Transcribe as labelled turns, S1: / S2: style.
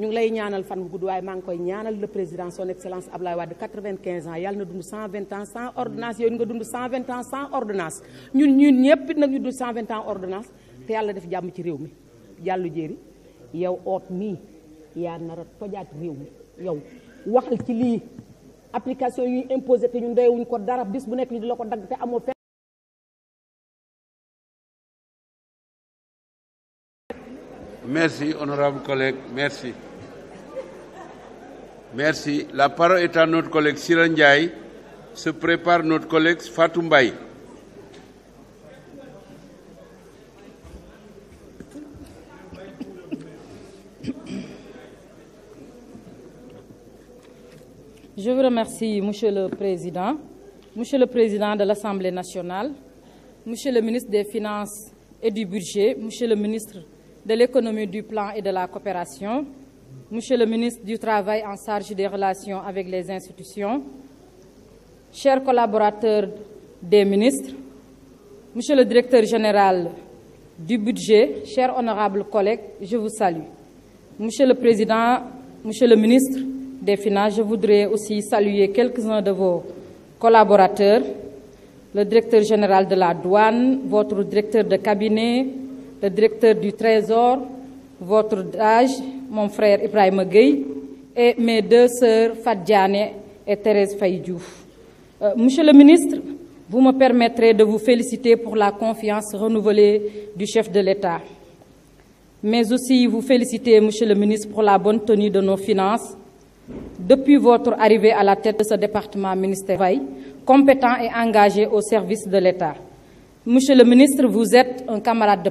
S1: ñu ngi lay ñaanal fan bu gudd waaye maa ngi koy ñaanal le président son excellence Ablaye Wade 95 ans yàlla na ans sans ordonnance yooyu nga dund ans sans ordonnance ñun ñun ñëpp nag ñu dund 120 ans ordonnance te yàlla def jàmm ci réew mi jàllu jéeri yow oot mii yaa nar a tojaat réew mi yow waxal ci lii application yuy imposé te ñun doyewuñ ko dara bis bu nekk ñu di la ko dagg te amoo
S2: Merci, honorable collègue, merci. Merci. La parole est à notre collègue Siran Se prépare notre collègue Fatou Mbaye.
S3: Je vous remercie, Monsieur le Président, Monsieur le Président de l'Assemblée nationale, Monsieur le ministre des Finances et du Budget, Monsieur le ministre de l'économie, du plan et de la coopération, Monsieur le ministre du Travail en charge des relations avec les institutions, chers collaborateurs des ministres, Monsieur le directeur général du budget, cher honorables collègues, je vous salue. Monsieur le Président, Monsieur le ministre des Finances, je voudrais aussi saluer quelques-uns de vos collaborateurs, le directeur général de la douane, votre directeur de cabinet, le directeur du Trésor, votre DAGE, mon frère Ibrahim Gueye, et mes deux sœurs Fadjane et Thérèse Faïdiouf. Euh, monsieur le ministre, vous me permettrez de vous féliciter pour la confiance renouvelée du chef de l'État. Mais aussi vous féliciter, Monsieur le ministre, pour la bonne tenue de nos finances depuis votre arrivée à la tête de ce département vai compétent et engagé au service de l'État. Monsieur le ministre, vous êtes un camarade